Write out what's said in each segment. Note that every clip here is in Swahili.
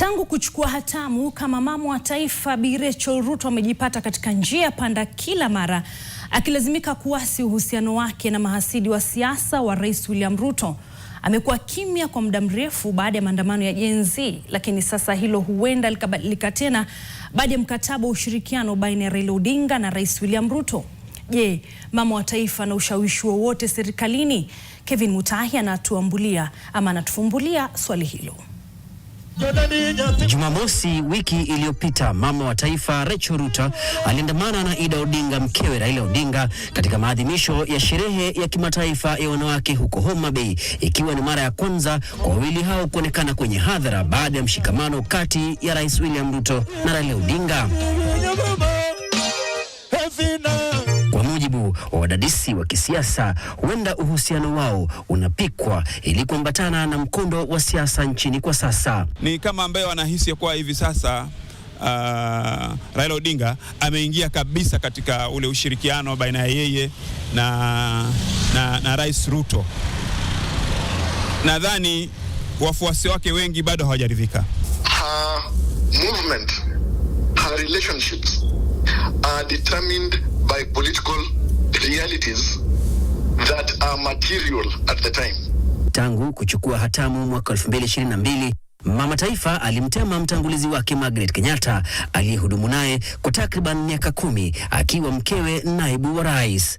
Tangu kuchukua hatamu kama mama wa taifa, Bi Rachel Ruto amejipata katika njia panda, kila mara akilazimika kuasi uhusiano wake na mahasidi wa siasa wa Rais William Ruto. Amekuwa kimya kwa muda mrefu baada ya maandamano ya Gen Z, lakini sasa hilo huenda likabadilika tena baada ya mkataba wa ushirikiano baina ya Raila Odinga na Rais William Ruto. Je, mama wa taifa na ushawishi wowote serikalini? Kevin Mutahi anatuambulia ama anatufumbulia swali hilo. Jumamosi wiki iliyopita mama wa taifa Rachel Ruto aliandamana na Ida Odinga mkewe Raila Odinga katika maadhimisho ya sherehe ya kimataifa ya wanawake huko Homa Bay, ikiwa ni mara ya kwanza kwa wawili hao kuonekana kwenye hadhara baada ya mshikamano kati ya Rais William Ruto na Raila Odinga wa wadadisi wa kisiasa, huenda uhusiano wao unapikwa ili kuambatana na mkondo wa siasa nchini kwa sasa. Ni kama ambaye wanahisi kuwa hivi sasa Uh, Raila Odinga ameingia kabisa katika ule ushirikiano baina ya yeye na, na, na Rais Ruto. Nadhani wafuasi wake wengi bado hawajaridhika. movement, her relationships are determined by political realities that are material at the time. Tangu kuchukua hatamu mwaka 2022 Mama Taifa alimtema mtangulizi wake Margaret Kenyatta aliyehudumu naye kwa takriban miaka kumi akiwa mkewe naibu wa rais.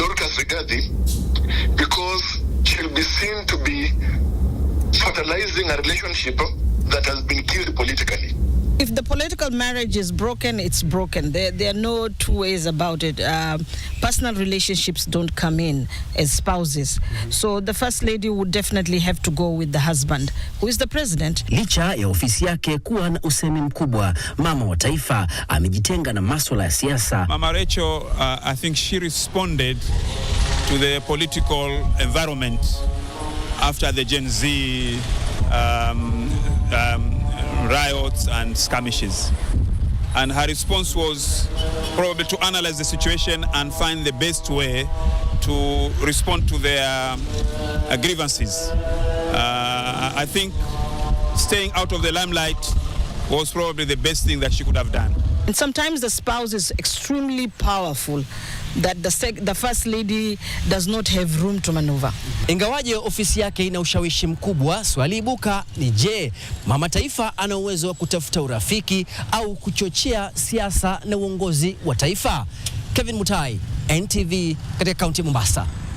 Dorcas Rigadi because she'll be seen to be fertilizing a relationship that has been killed politically. If the political marriage is broken, it's broken. There, there are no two ways about it. Uh, personal relationships don't come in as spouses. Mm-hmm. So the first lady would definitely have to go with the husband who is the president. Licha ya ofisi yake kuwa na usemi mkubwa, mama wa taifa amejitenga na maswala ya siasa. Mama Rachel, uh, I think she responded to the political environment after the Gen Z um, um, riots and skirmishes. And her response was probably to analyze the situation and find the best way to respond to their um, uh, grievances. Uh, I think staying out of the limelight was probably the best thing that she could have done. And sometimes the spouse is extremely powerful that the, sec the first lady does not have room to maneuver. Ingawaje ofisi yake ina ushawishi mkubwa, swali ibuka ni je, mama taifa ana uwezo wa kutafuta urafiki au kuchochea siasa na uongozi wa taifa? Kevin Mutai, NTV katika kaunti Mombasa.